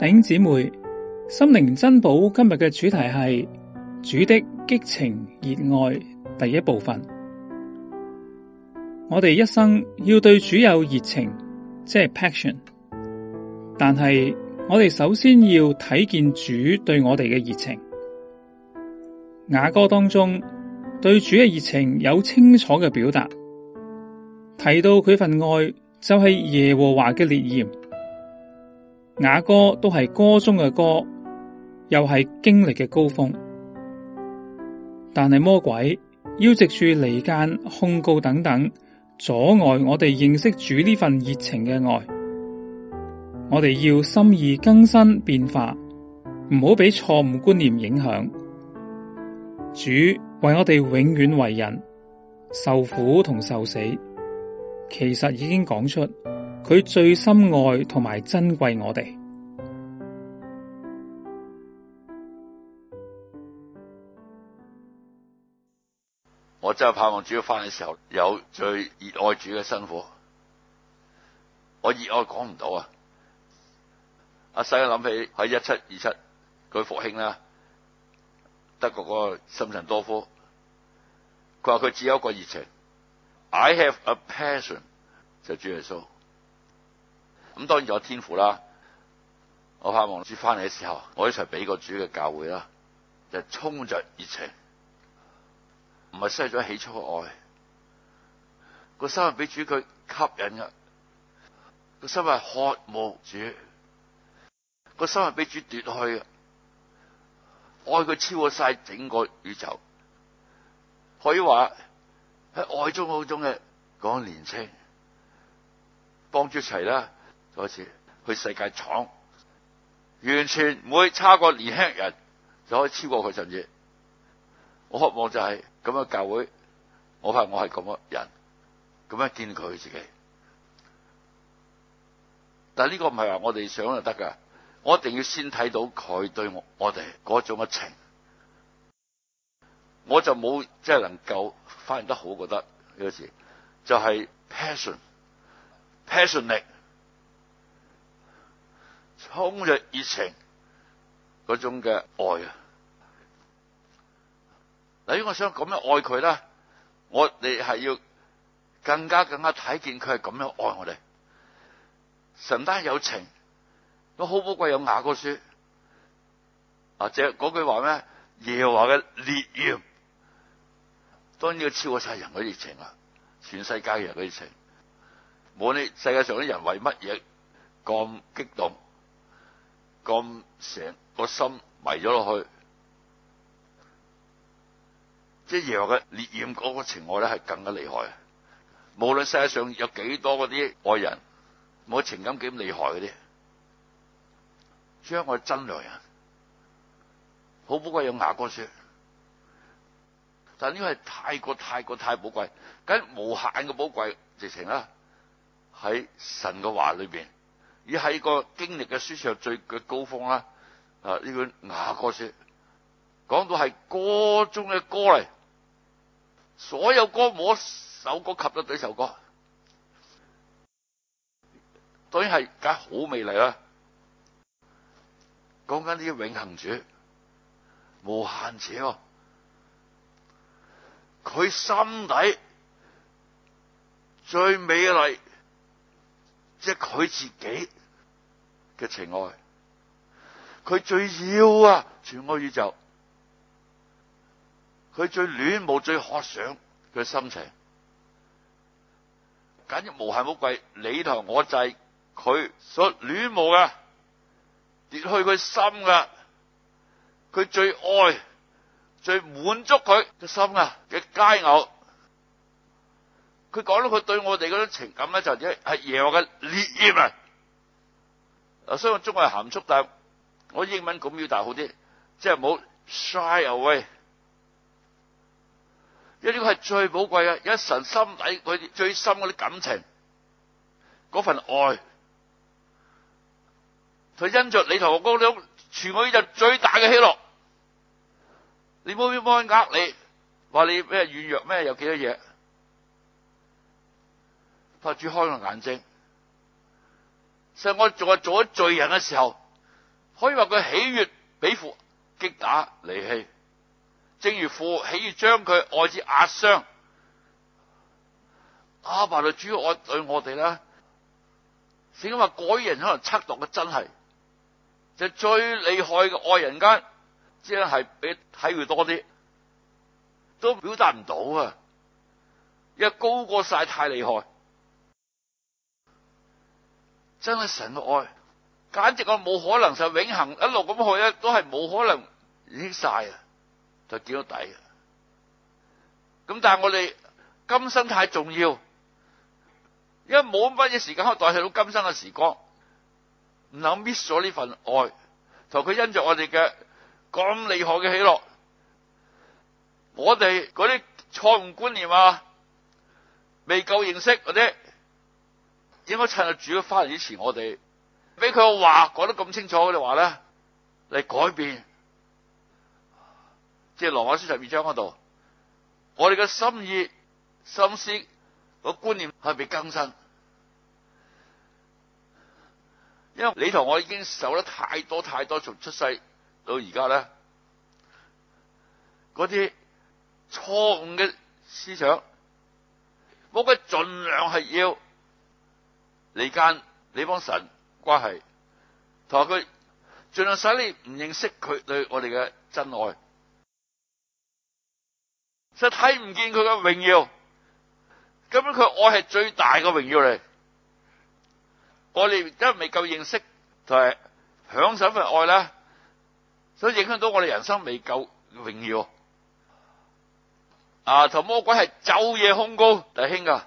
頂姊妹，心靈珍寶，今日嘅主題係主的激情熱愛，第一部分。我哋一生要對主有熱情，即係 passion。但係我哋首先要睇見主對我哋嘅熱情。雅歌當中對主嘅熱情有清楚嘅表達，提到佢份愛就係耶和華嘅烈焰。雅歌都係歌中嘅歌，又係經歷嘅高峰。但係魔鬼要藉住離間、控告等等，阻礙我哋認識主呢份熱情嘅愛。我哋要心意更新變化，唔好俾錯誤觀念影響。主為我哋永遠為人受苦同受死，其實已經講出。佢最深愛同埋珍貴我哋，我真係盼望主要翻嘅時候有最熱愛主嘅辛苦，我熱愛講唔到啊！阿西一諗起喺一七二七佢復興啦，德國嗰個深圳多夫，佢話佢只有一個熱情，I have a passion 就係主耶穌。咁當然有天賦啦！我盼望主翻嚟嘅時候，我一齊俾個主嘅教會啦，就充滿著熱情，唔係失咗起初嘅愛。個心係俾主佢吸引㗎，個心係渴慕主，個心係俾主奪去嘅，愛佢超過曬整個宇宙。可以話喺愛中嗰種嘅講年青，幫住齊啦。開始去世界闖，完全唔會差過年輕人，就可以超過佢，甚至我渴望就係咁樣教會，我怕我係咁樣人，咁樣見佢自己。但係呢個唔係話我哋想就得噶，我一定要先睇到佢對我我哋種嘅情，我就冇即係能夠發現得好，覺得有時就係、是、passion，passion 力。空嘅熱情，嗰種嘅愛啊！嗱，如果我想咁樣愛佢啦。我哋係要更加更加睇見佢係咁樣愛我哋。神單有情，都好寶貴。有雅歌書，或者嗰句話咩？耶和華嘅烈焰，當然要超過晒人嘅熱情啦！全世界嘅人嘅熱情，冇你世界上啲人為乜嘢咁激動？咁成個心迷咗落去，即係耶和華嘅烈焰嗰個情愛咧，係更加厲害。無論世界上有幾多嗰啲愛人，冇情感幾咁厲害嗰啲，將我真良人好寶貴，有牙哥說，但呢個係太過太過太寶貴，梗無限嘅寶貴，直情啦，喺神嘅話裏邊。已喺個經歷嘅書上最嘅高峰啦！啊，呢個雅歌書講到係歌中嘅歌嚟，所有歌冇一首歌及得呢首歌，當然係梗係好美麗啦！講緊呢永恆主，無限主，佢心底最美麗。即係佢自己嘅情愛，佢最要啊，全個宇宙，佢最戀慕、最渴想嘅心情，簡直無限好貴。你同我制，佢所戀慕嘅，奪去佢心嘅，佢最愛、最滿足佢嘅心啊嘅佳偶。佢講到佢對我哋嗰種情感咧，就係係耶和華嘅烈焰啊！所以我中文係含蓄，但係我英文講要大好啲，即係冇 shy away！呢個係最寶貴嘅，有神心底佢最深嗰啲感情，嗰份愛，佢因著你同我嗰種全宇宙最大嘅喜樂，你冇冇人呃你，話你咩軟弱咩？有幾多嘢？佛主開個眼睛，所以我仲係做咗罪人嘅時候，可以話佢喜悅俾父擊打離棄，正如父喜悅將佢愛子壓傷。阿爸嘅主愛對我哋啦，先話嗰啲人可能測度嘅真係，就是、最厲害嘅愛人間，只係比體會多啲，都表達唔到啊！因為高過晒太厲害。真係神嘅愛，簡直我冇可能就永恒一路咁去，都係冇可能，已經晒啊，就見到底啊。咁但係我哋今生太重要，因為冇乜嘢時間可以代替到今生嘅時光，唔好 miss 咗呢份愛，同佢因著我哋嘅咁厲害嘅喜樂，我哋嗰啲錯誤觀念啊，未夠認識嗰啲。應該趁住，主翻嚟之前我，我哋俾佢個話講得咁清楚話，嘅哋話咧嚟改變，即係羅馬書十二章嗰度，我哋嘅心意、心思、個觀念係被更新，因為你同我已經受得太多太多，從出世到而家咧，嗰啲錯誤嘅思想，冇嘅盡量係要。離間你幫神關係，同佢盡量使你唔認識佢對我哋嘅真愛，就睇唔見佢嘅榮耀。咁樣佢愛係最大嘅榮耀嚟，我哋而家未夠認識就係享受一份愛啦，所以影響到我哋人生未夠榮耀。啊，同魔鬼係晝夜控告弟兄噶。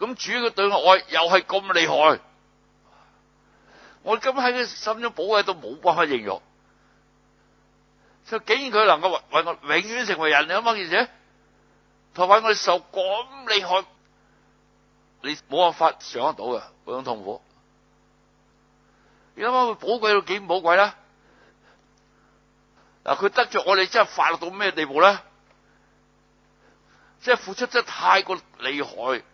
咁主佢對我愛又係咁厲害，我今喺佢心中寶貴到冇辦法形容。就竟然佢能夠為我永遠成為人，你諗下件事，同埋我哋受咁厲害，你冇辦法想得到嘅嗰種痛苦。你諗下佢寶貴到幾寶貴啦？嗱，佢得罪我哋真係快樂到咩地步咧？即係付出真係太過厲害。